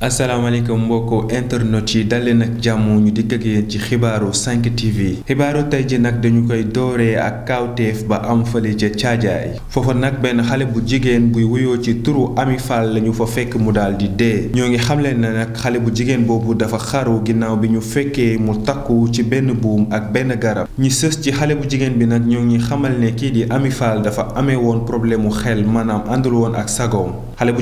asalaamaaleykum mbokk internet yi dalee nag jàmm ñu di ak ci xibaaru 5 TV xibaaru tey ji nag dañu koy dooree ak kawteef ba am fële ca caajaay foofa nag benn xale bu jigéen buy wuyoo ci turu Ami Fall lañu fa fekk mu daal di dee ñoo ngi xamle ne nag xale bu jigéen boobu dafa xaru ginnaaw bi ñu fekkee mu takku ci benn buum ak benn garab ñu sës ci xale bu jigéen bi nag ñoo ngi xamal ne kii di Ami fal dafa amee woon problème mu xel maanaam àndul woon ak sagoom xale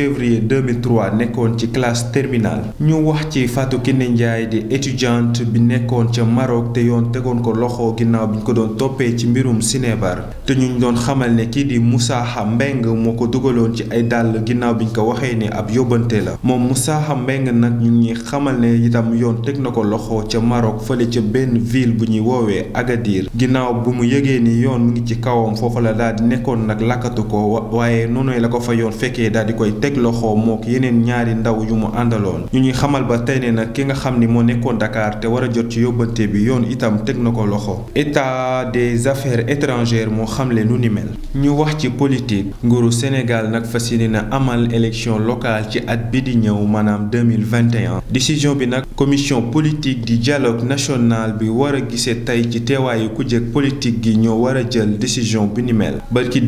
février 2003 nekkoon ci classe terminale ñu wax ci Fatou Kiné Ndiaye di étudiante bi nekkoon ca Maroc te yoon tegoon ko loxo ginnaaw bi ñu ko doon toppee ci mbirum Sinébar te ñu doon xamal ne kii di Moussaha Mbeng moo ko dugaloon ci ay dàll ginnaaw bi ñu ko waxee ni ab yóbbante la moom Moussaha Mbeng nag ñu ngi xamal ne itam yoon teg na ko loxo ca Maroc fële ca benn ville bu ñuy woowee Agadir ginnaaw bu mu yëgee ni yoon mu ngi ci kawam foofu la daal di nekkoon nag lakkatu ko teg loxo mok yenen ñaari ndaw yu mu andalon ñu ñi xamal ba tey ki nga xamni mo nekkon Dakar te wara jot ci yobante bi yoon itam tek nako loxo état des affaires étrangères mo xamle nu ni mel ñu wax ci politique nguru Sénégal nak fas na amal élection locale ci at bi di ñew manam 2021 décision bi nak commission politique di dialogue national bi wara a tay tey ci teewaayu ku jëkk politique gi ñoo wara jël décision bi ni mel ba ki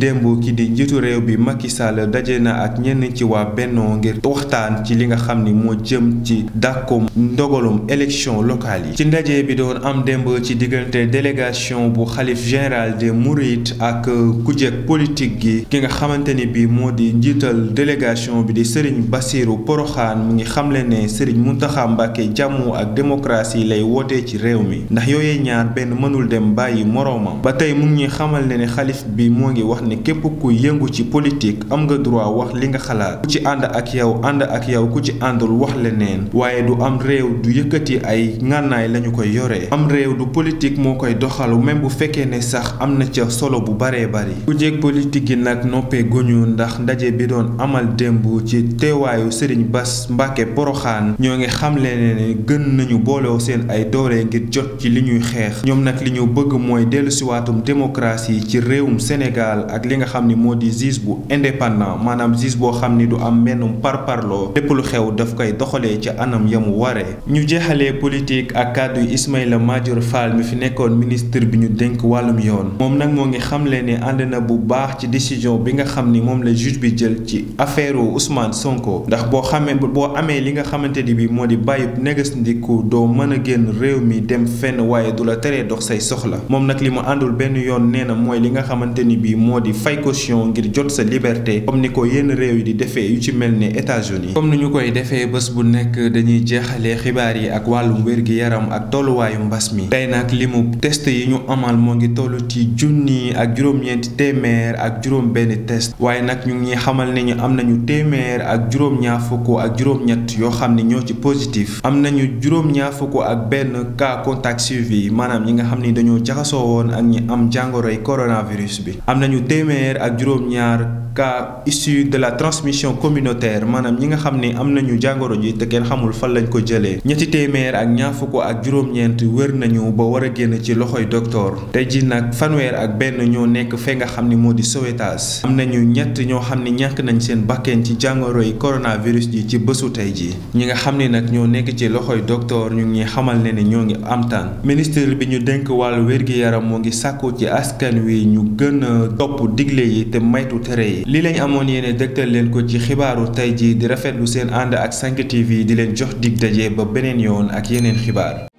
ki di njiitu rew bi Macky dajé na ak ñen ci waa bennoo ngir waxtaan ci li nga xam ni moo jëm ci dàkkum ndogalum élection locale yi ci ndaje bi doon am démb ci diggante délégation bu xalif général des mourides ak kujek politique gi ki nga xamante ni bi moo di njiital délégation bi di Serigne Bassirou Porokhane mu ngi xamle ne Serigne Mountakha Mbacké jàmm ak démocratie lay woote ci réew mi ndax yooyee ñaar benn mënul dem bàyyi moroomam ba tey mu ngi ñuy xamal ne ne xalif bi moo ngi wax ne képp ku yëngu ci politique am nga ku ci ànd ak yow ànd ak yow ku ci àndul wax leneen waaye du am réew du yëkkati ay ngànnaay lañu koy yoree am réew du politique moo koy doxalu même bu fekkee ne sax am na ca solo bu baree bari ku jeeg politique yi nag noppee guñu ndax ndaje bi doon amal démb ci teewaayu sëriñ Bass Mbacke Poroxaan ñoo ngi xam leen ne gën nañu booloo seen ay doore ngir jot ci li ñuy xeex ñoom nag li ñu bëgg mooy dellusiwaatum démocratie ci réewum Sénégal ak li nga xam ni moo di justice bu indépendant maanaam justice boo xam xamni du am par parparloo lépp lu xew daf koy doxale ci anam ya waré ñu jéxalé politique ak cadre Ismaïla Madior Fall mi fi nekkoon ministre bi ñu dénk walum yoon mom nak mo ngi xamle ne andena bu baax ci décision bi nga xamni mom la juge bi jël ci affaire Ousmane Sonko ndax bo xamé bo amé li nga xamante ni bi modi di négas ndiku do mëna génn réew mi dem fenn waye du la téré dox say soxla mom nak limu àndul ben yoon néna moy li nga xamante ni bi modi fay caution ngir jot sa liberté comme ni ko yenn réew yi di def faits yu ci mel ni États-Unis comme ni ñu koy defee bés bu nekk dañuy jeexalee xibaar yi ak wàllum wér-gi-yaram ak tolluwaayu mbas mi tey nag limu test yi ñu amal moo ngi toll ci junni ak juróom téeméer ak juróom benn test waaye nag ñu ngi xamal ne ñu am nañu téeméer ak juróom fukk ak juróom-ñett yoo xam ne ñoo ci positif am nañu juróom-ñaar fukk ak benn cas contact suivi maanaam ñi nga xam ni dañoo jaxasoo woon ak ñi am jàngoroy coronavirus bi am nañu téeméer ak juróom-ñaar cas issus de la transmission transmission communautaire maanaam ñi nga xam ne am nañu jàngoro ji te kenn xamul fan lañ ko jëlee ñetti téeméer ak ñaar fukk ak juróom-ñeent wër nañu ba war a génn ci loxoy docteur tey ji nag fanweer ak benn ñoo nekk fee nga xam ni moo di Sowétas am nañu ñett ñoo xam ne ñàkk nañ seen bakkeen ci jàngoro yi coronavirus ji ci bésu tey ji ñi nga xam ni nag ñoo nekk ci loxoy docteur ñu ngi xamal ne ne ñoo ngi am tan ministre bi ñu dénk wàllu wér-gi-yaram moo ngi sàkku ci askan wi ñu gën a topp digle yi te maytu tere yi li ci xibaaru tey jii di rafetlu seen ànd ak 5 TV di leen jox dig daje ba beneen yoon ak yeneen xibaar.